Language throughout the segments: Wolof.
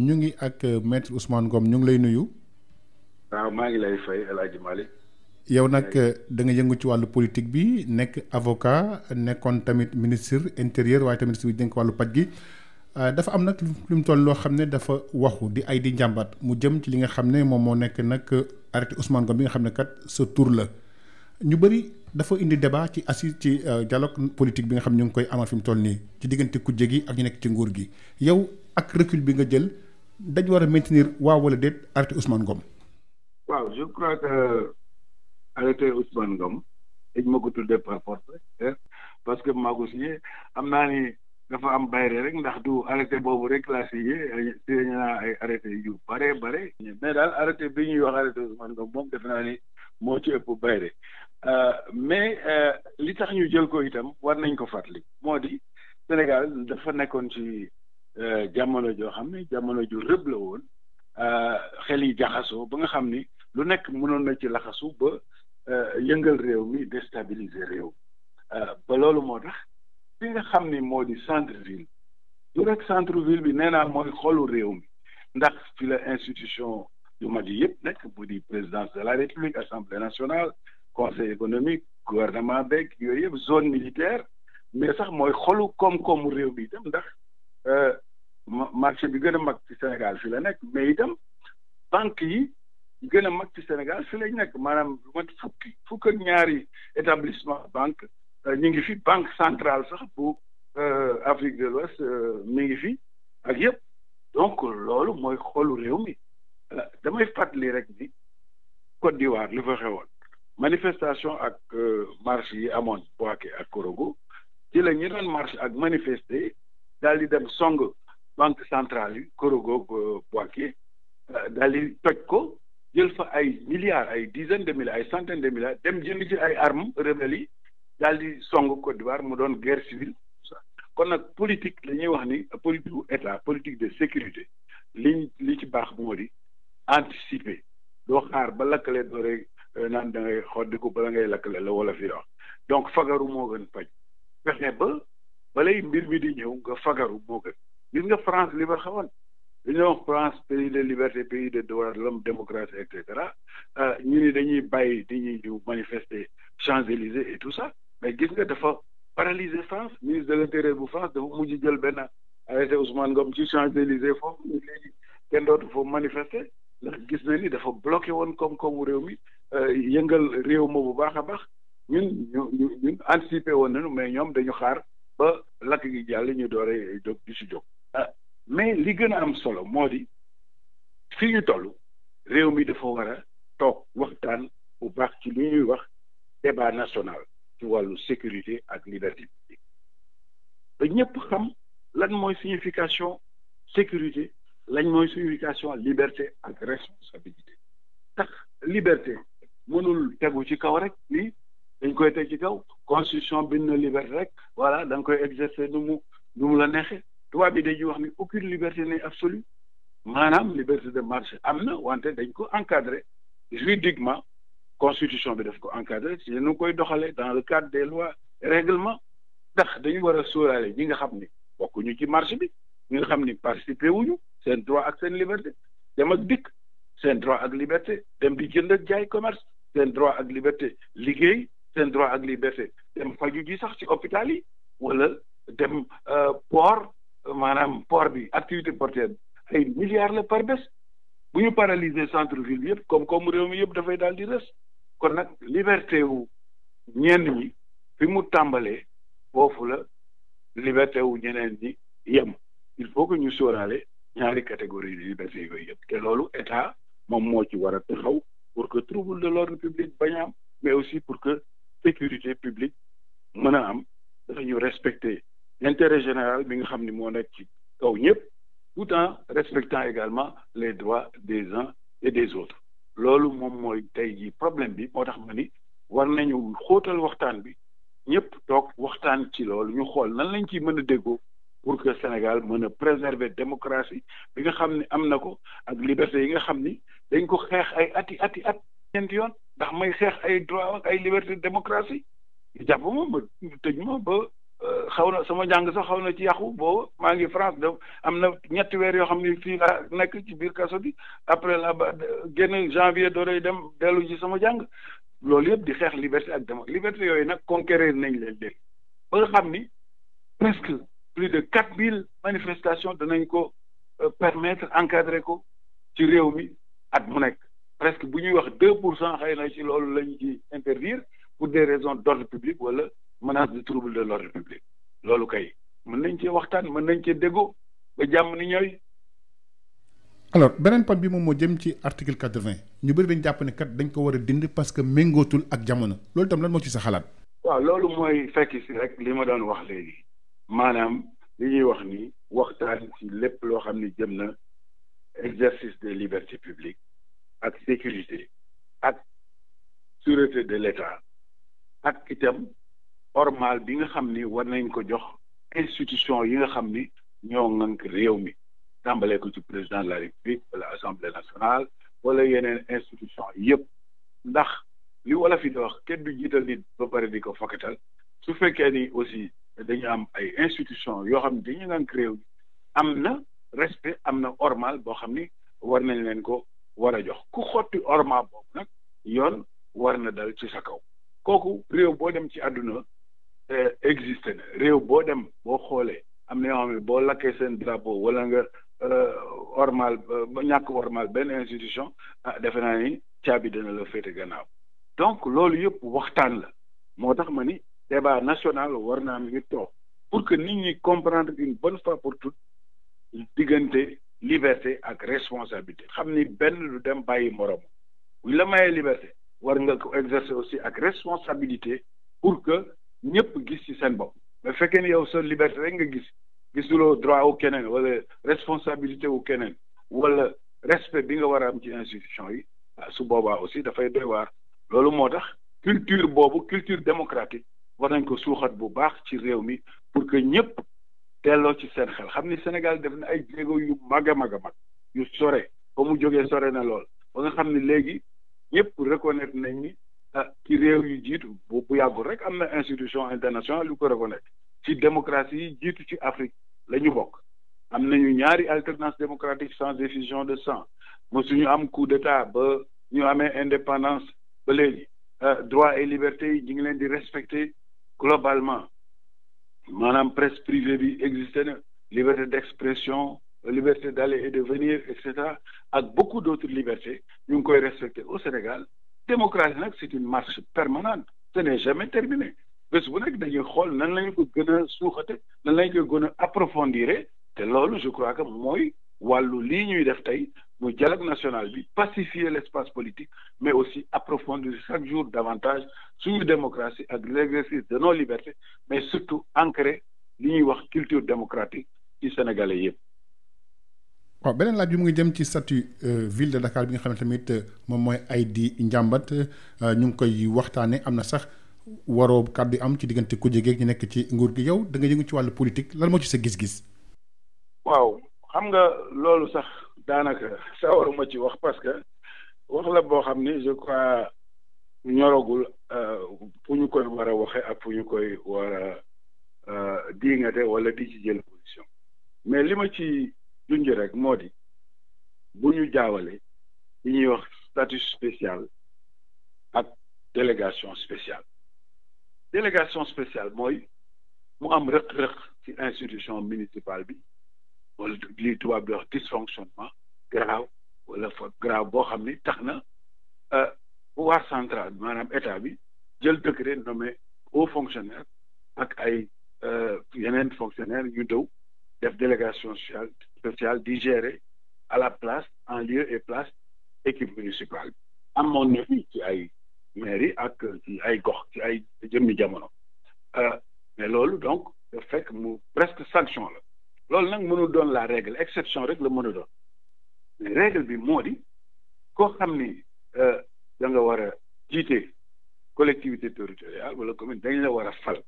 ñu ngi ak euh, maître Ousmane Ngom ñu ngi lay nuyu. waaw maa ngi lay fay El Hadj yow nag euh, da nga yëngu ci wàllu politique bi nekk avoca nekkoon tamit ministre intérieur waaye tamit si dénk wàllu paj gi euh, dafa am nag lu mu toll loo xam ne dafa waxu di ay di njàmbat mu jëm ci li nga xam ne moom moo nekk nag arrêté Ousmane Ngom bi nga xam ne kat sa tur la ñu bëri dafa indi débat ci assis ci dialogue politique bi nga xam ne ñu ngi koy amal fi mu toll nii ci diggante kujje gi ak ñu nekk ci nguur gi yow ak bi nga jël. dañ war a maintenir waaw wala déet arrêté Ousmane Ngom. waaw je crois que euh, arrêté Ousmane Ngom dañ ma ko parce que maa ko am naa ni dafa am bayre rek ndax du arrêté boobu rek laa signé signé naa ay arrêté yu bare bare. mais daal arrêté bi ñuy wax arrêté Ousmane Ngom moom defe naa ni moo ci ëpp bayre euh, mais euh, li tax ñu jël ko itam war nañ ko fàttali moo di Sénégal dafa nekkoon ci. Euh, jamono joo xam ni jamono ju rëb la woon euh, xel yi jaxasoo ba nga xam ni lu nekk mënoon na ci laxasu ba euh, yëngal réew mi déstabiliser réew ba loolu moo tax fi nga xam ni moo di centre ville du rek centre ville bi nee naa mooy xolu réew mi ndax fi la institution yu mag yi yëpp nekk bu di présidence de la république assemblée nationale conseil économique gouvernement beeg yooyu yëpp zone militaire mais sax mooy xolu koom-koomu réew bi dem ndax Euh, marché bi gën a mag ci Sénégal fi la nekk mais itam banque yi gën a mag ci Sénégal fi lañ nekk maanaam lu mat fukki fukk ak ñaari établissement banque euh, ñu ngi fi banque centrale sax bu euh, Afrique de l'Ouest mi ngi fi ak yëpp donc loolu mooy xoolu réew mi damay fàttali rek ni Côte d'Ivoire li fa xewoon manifestation ak marche yi amoon Bouaké ak Korogo ci la ñu doon ak manifester daal di dem song banque centrale yi Corogo euh, Boaké euh, daal di toj ko jël fa ay milliards ay dizaines de milliards ay centaines de milliards dem jënd ci ay armes rebelles yi daal di song Côte d'Ivoire mu doon guerre civile kon nag politique la ñuy wax ni politique u état politique de sécurité li li ci baax moo di anticiper doo xaar ba lakkale doo rek euh, naan da ngay xoddiku bala ngay lakkale la wala fi wax donc fagaru moo gën faj fexe ba balay mbir mi di ñëw nga fagaru moo gën gis nga France li ma xamoon dañoo wax France pays de liberté pays de droits de l'homme démocratie et euh, ñu ni dañuy bàyyi di ñuy ñu manifester Champs-Élysées et tout sax mais gis nga dafa paralyser France ministre de l'intérieur bu France dafa mujj jël benn arrêté Ousmane Ngom ci Champs-Élysées foofu ñu léegi kenn dootu foo manifester ndax gis na ni dafa bloqué woon koom-koomu réew mi euh, yëngal réew ma bu baax a baax ñun ñu ñun anticiper woon nañu mais ñoom dañu xaar ba lakk gi jàll ñu dooree jóg di si jóg ah, mais li gën a am solo moo di fi ñu toll réew mi dafa war a toog waxtaan bu baax ci li ñuy wax débat national ci wàllu sécurité ak liberté publique ba ñëpp xam lan mooy signification sécurité lañ mooy signification liberté ak responsabilité tax liberté mënul tegu ci kaw rek ni dañ koy teg ci kaw constitution bi na liberté rek voilà da nga koy exercer nu mu nu mu la neexee tubaab bi dañuy wax ni aucune liberté n'est absolue maanaam liberté de marché am na wante dañ ko encadrer juridiquement constitution bi def ko encadrer ci nu koy doxalee dans le cadre de lois réglement ndax dañu war a sóoraale ñi nga xam ni bokkuñu ci marché bi ñu nga xam ni participer wuñu seen droit ak seen liberté dem ak dikk seen droit ak liberté dem di jënd ak jaay commerce seen droit ak liberté liggéey seen droit ak liberté dem faju ji sax ci hôpital yi wala dem euh, port maanaam port bi activité portuaire bi ay milliards la par bés bu ñu paralyser centre ville bi yëpp comme comme réew mi yëpp dafay daal di rës kon nag liberté wu ñenn ñi fi mu tàmbalee foofu la liberté wu ñeneen yi yem il faut que ñu sóoraale ñaari catégorie de liberté yooyu yëpp te loolu état moom moo ci war a taxaw pour que trouble de l'ordre public bañ a mais aussi pour que sécurité publique mën a am dañu respecter l'intérêt général bi nga xam ni moo nekk ci kaw ñëpp tout en respectant également les droits des uns et des autres loolu moom mooy tey jii problème bi moo tax ma ni war nañu xootal waxtaan bi ñëpp toog waxtaan ci loolu ñu xool nan lañ ciy mën a déggoo pour que Sénégal mën a préserver démocratie bi nga xam ne am na ko ak liberté yi nga xam ni dañ ko xeex ay ati ati at ñeenti yoon ndax may xeex ay droit ay liberté démocratie jàpp moom ma tëj ma ba euh, xaw na sama jàng sax xaw na ci yàqu boo maa ngi France de am na ñetti weer yoo xam ne fi laa nekk ci biir kaso bi après la ba génn janvier dooree dem dellu ji sama jàng loolu yëpp di xeex liberté ak démocratie liberté yooyu nag conquérir nañ leen léegi ba nga xam ni presque plus de quatre mille manifestation danañ ko euh, permettre encadrer ko ci réew mi at mu nekk presque bu ñuy wax deux pour cent xëy na ci loolu la ñu ci interdire pour des raisons d' ordre public wala menace de trouble de l' ordre public loolu kay mën nañ cee waxtaan mën nañ cee déggoo ba jàmm ni ñooy. alors beneen point bi moom moo jëm ci article quatre vingt ñu bëri dañ jàpp ne dañ ko war a dind parce que méngootul ak jamono loolu tam lan moo ci sa xalaat. waa loolu mooy fekk si rek li ma doon wax léegi maanaam li ñuy wax ni waxtaan ci lépp loo xam ni jëm na exercice des libertés ak sécurité ak sûreté de l'État ak itam ormal bi nga xam ni war nañ ko jox institution yi nga xam ni ñoo ŋànk réew mi tàmbalee ko ci président de la république wala assemblée nationale wala yeneen institution yëpp ndax li wala fi di wax kenn du jiital nit ba pare di ko fakkatal su fekkee ni aussi dañu am ay institution yoo xam ne dañu ŋànk réew mi am na respect am na ormal boo xam ni war nañ leen ko war a jox ku xotti orma boobu nag yoon war na dal ci sa kaw kooku réew boo dem ci àdduna eh, existé na réew boo dem boo xoolee am na xam ne boo lakkee seen drapeau wala nga eh, ormal ba eh, ñàkk ormal benn institution a ah, defe naa ni caabi dana la féete gannaaw donc loolu yëpp waxtaan la moo tax ma ni débat national war naa am ñu toog pour que nit ñi comprendre une bonne fois pour tout diggante liberté ak responsabilité xam ni benn lu dem bàyyi morom bu la mayee liberté war nga ko exercer aussi ak responsabilité pour que ñëpp gis ci seen bopp mais fekkee ni yow sa liberté rek nga gis gisuloo droit wu keneen wala responsabilité wu keneen wala respect bi nga war a am ci institution yi ah, su boobaa aussi dafay doy waar loolu moo tax culture boobu culture démocratique war nañ ko suuxat bu baax ci réew mi pour que ñëpp delloo ci sen xel xam ni Sénégal def na ay jéego yu mag a mag a mag yu sore ba mu jógee sore na lool ba nga xam ni léegi ñëpp reconnaître nañ ni ah ci réew yu jiitu bu bu yàggul rek am na institution internationale yu ko reconnaître ci démocratie yi jiitu ci Afrique la ñu bokk am nañu ñaari alternance démocratique sans effusion de sang ñu am coup d'état ba ñu amee indépendance ba léegi ah, droit et liberté yi ñu ngi leen di respecter globalement maanaam presse privée bi existé na liberté d'expression liberté d'aller et de venir et cetera ak beaucoup d'autres libertés ñu ngi koy respecté au Sénégal démocratie nag c'est une marche permanente ce n'est jamais terminé bés bu nekk dañuy xool nan lañu ko gën a suuxate nan lañu ko gën a approfondir te loolu je crois que mooy wàllu lii ñuy def tey muy dialogue national bi pacifier l'espace politique mais aussi approfondir chaque jour davantage suñu démocratie ak l'exercice de nos libertés mais surtout ancrer li ñuy wax culture démocratique ci sénégalais yëpp. waaw beneen laaj bi mu ngi jëm ci statut euh, ville de Dakar bi nga xam ne tamit euh, moom mooy ay di njàmbat euh, ñu ngi koy waxtaanee am na sax warookat bi am ci diggante ku jege ñu nekk ci nguur gi yow da nga ci wàllu politique lan moo ci sa gis-gis. daanaka sawaruma ci wax parce que wax la boo xam ni je crois ñoragul euh, fu ñu koy war a waxee ak fu ñu koy war a euh, diingate wala di ci jël position mais li ma ci junj rek moo di bu ñu jaawale li ñuy wax statut spécial ak délégation spéciale délégation spéciale mooy mu am rëq-rëq ci institution municipale bi wala lii tubaab di wax dysfonctionnement grave wala fa grave boo xam ni tax na euh, pouvoir central maanaam état bi jël décret nommé haut fonctionnaire ak ay euh, yeneen fonctionnaire yu dëw def délégation sociale sociale di gérer à la place en lieu et place équipe municipale bi amoon na fi ci ay mairie ak ci ay gox ci ay jëmmi jamono euh, mais loolu donc fekk mu presque sanction la loolu nag mënul doon la règle exception rek la mën a doon règle bi moo di koo xam ni euh, da nga war a jiite collectivité territoriale wala commune dañ la war a fal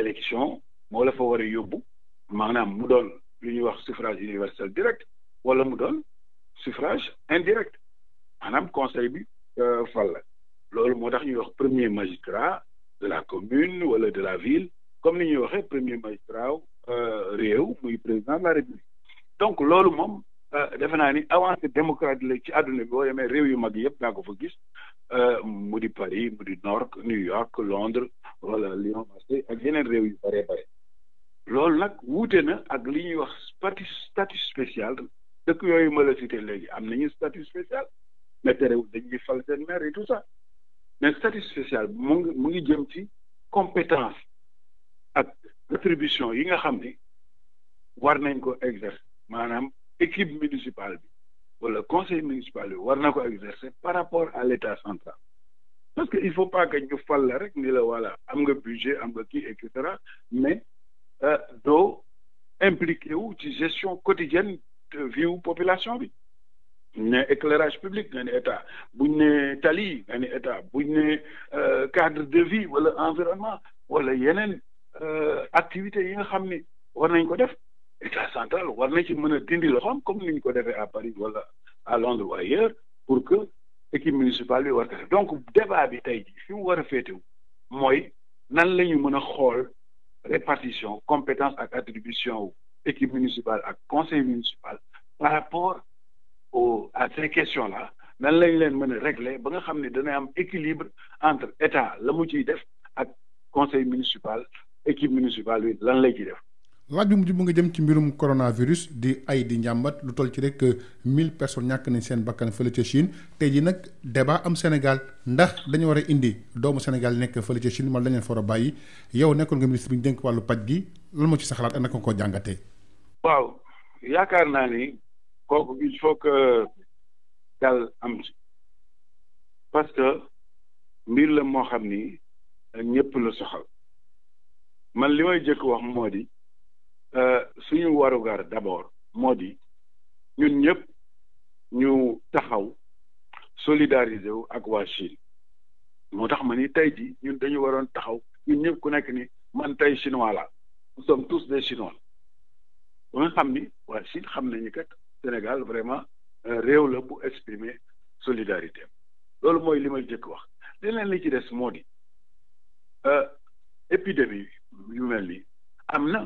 élection moo la fa war a yóbbu maanaam mu doon lu ñuy wax suffrage universel direct wala mu doon suffrage indirect maanaam conseil bi euh, fal la loolu moo tax ñuy wax premier magistrat de la commune wala de la ville comme ni ñuy waxee premier magistrat Eh, réew muy président la république donc loolu moom eh, defe naa ni avancée démocratique la ci àdduna bi boo yemee réew yu mag yëpp daa ko fa gis eh, mu di Paris mu di New York New York Londres wala Lyon Marseille ak yeneen réew yu bare bare loolu nag wuute na ak li ñuy wax statut statut spécial dëkk yooyu mala la léegi am nañu statut spécial mais terewul dañuy fal seen maire et tout ça mais statut spécial mu ngi mu ngi jëm ci compétence ak attribution yi nga xam ni war nañ ko exercer maanaam équipe municipale bi wala conseil municipal bi war na ko exercer par rapport à l'état central parce que il faut pas que ñu fal la rek ni la voilà am nga budget am nga kii et cetera mais euh, doo wu ci gestion quotidienne de vie population bi ñu ne éclairage public nga ne état buñ ne tali nga ne état buñ ne euh, cadre de vie wala environnement wala yeneen Euh, activités yi nga xam ni war nañ ko def état central war na ci mën a dindi loxoom comme ni ñu ko defee à Paris wala à Londres ou pour que équipe municipal bi war ko def donc débat bi tey fi mu war a féetewu mooy nan la ñu mën a xool répartition compétence ak attribution wu équipe municipale ak conseil municipal par rapport au à ces questions là nan lañ leen mën a régler ba nga xam ne dana am équilibre entre état la mu ciy def ak conseil municipal équipe municipale bi lan lay ci def. laaj bi mujj mu ngi jëm ci mbirum coronavirus di ay di njàmbat lu toll ci rek euh, mille personnes ñàkk nañ seen bakkan fële ca Chine tey jii nag débat am senegal ndax dañu war a indi doomu senegal nekk fële ca Chine wala dañu leen for a bàyyi yow nekkoon nga ministre bi ñu dénk wàllu paj gi lan moo ci sa xalaat ak naka nga koo jàngatee. waaw yaakaar naa ni kooku il faut dal am ci parce mbir la moo xam ni ñëpp la soxal. man li may jëkk wax moo di euh, suñu warugar d'abord moo di ñun ñëpp ñu taxaw solidariser wu ak waa moo tax ma ni tey ji ñun dañu waroon taxaw ñun ñëpp ku nekk ni man tey chinois la nous tous des chinois ba xam ni waa Chine xam nañu kat Sénégal vraiment euh, réew la bu exprimer solidarité loolu mooy li may jëkk wax leneen li ci des moo di euh, épidémie yu mel nii am na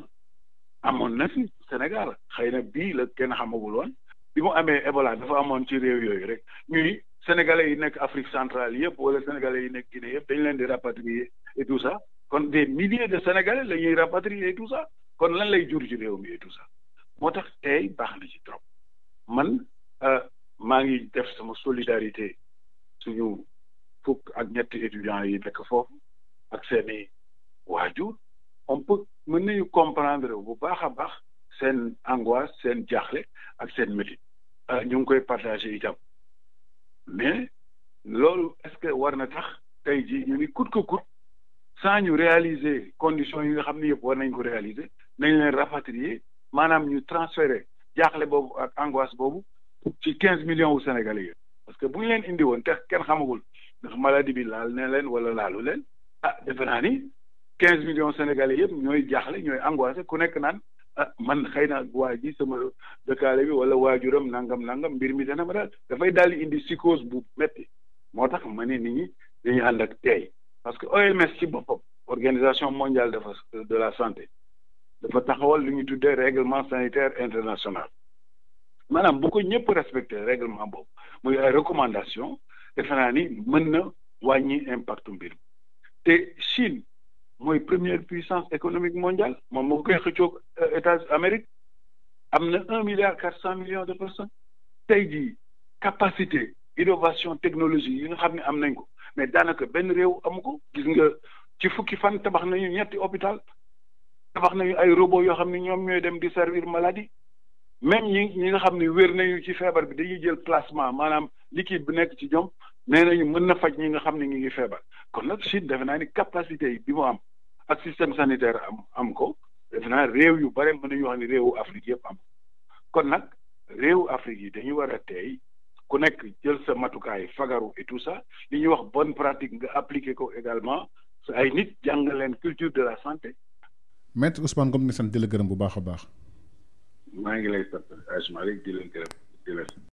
amoon na fi Sénégal xëy na bii la kenn xamagul woon bi mu amee Ebola dafa amoon ci réew yooyu rek ñuy sénégalais yi nekk Afrique centrale yëpp wala sénégalais yi nekk Guinée yëpp dañ leen di rapatrier et tout sax kon des milliers de sénégalais la ñuy rapatrier et tout ça kon lan lay jur ci réew mi et tout ça moo tax tey baax na ci trop man euh, maa ngi def sama solidarité suñu fukk ak ñetti étudiants yi nekk foofu ak seeni waajur on peut mën nañu comprendre bu baax a baax seen angoisse seen jaaxle ak seen métit euh, ñu ngi koy partagé itam mais loolu est-ce que war na tax tey jii ñu ni coûte que coûte sans ñu réaliser condition yi nga xam ne yëpp war nañ ko réaliser nañ leen rapatrier maanaam ñu transférer jaaxle boobu ak angoisse boobu ci quinze millions wu Sénégalais yi parce que bu leen indi woon te kenn xamagul ndax maladie bi laal nee leen wala laalu leen ah defe naa ni quinze millions sénégalais yëpp ñooy jaaxle ñooy angoissé ku nekk naan ah man xëy naa waa ji sama dëkkaale bi wala waajuram nangam nangam mbir mi dana ma daal dafay daal di indi psychose bu metti moo tax ma ni nit ñi dañuy ànd ak teey parce que OMS ci boppam organisation mondiale de de la santé dafa taxawal lu ñu tuddee règlement sanitaire international maanaam bu ko ñëpp respecté règlement boobu muy ay recommandation defe naa ni mën na wàññi impact mbir te Chine mooy première puissance économique mondiale moom moo koy xëccoog états Amérique am na un milliard quatre cent millions de personnes tey jii capacité innovation technologie yi nga xam ne am nañ ko mais daanaka benn réew amu ko ci fukki fan tabax nañu ñetti hôpital tabax nañu ay robot yoo xam ne ñoom ñooy dem di servir maladie même ñi ñi nga xam ne wér nañu ci feebar bi dañuy jël plasma maanaam liquide bu nekk ci ñoom nee nañu mën na faj ñi nga xam ne ñu ngi feebar kon nag Chine defe naa ni capacité yi bi mu am ak système sanitaire am am ko naa réew yu bare mën nañu wax ni réewu Afrique yëpp am kon nag réew Afrique yi dañu war a tey ku nekk jël sa matukaay fagaru et tout sax li ñuy wax bonne pratique nga appliquer ko également sa ay nit jàng leen culture de la santé. maître Ousmane Ngom ni sant di gërëm bu baax a baax. maa ngi lay sant Malick di leen gërëm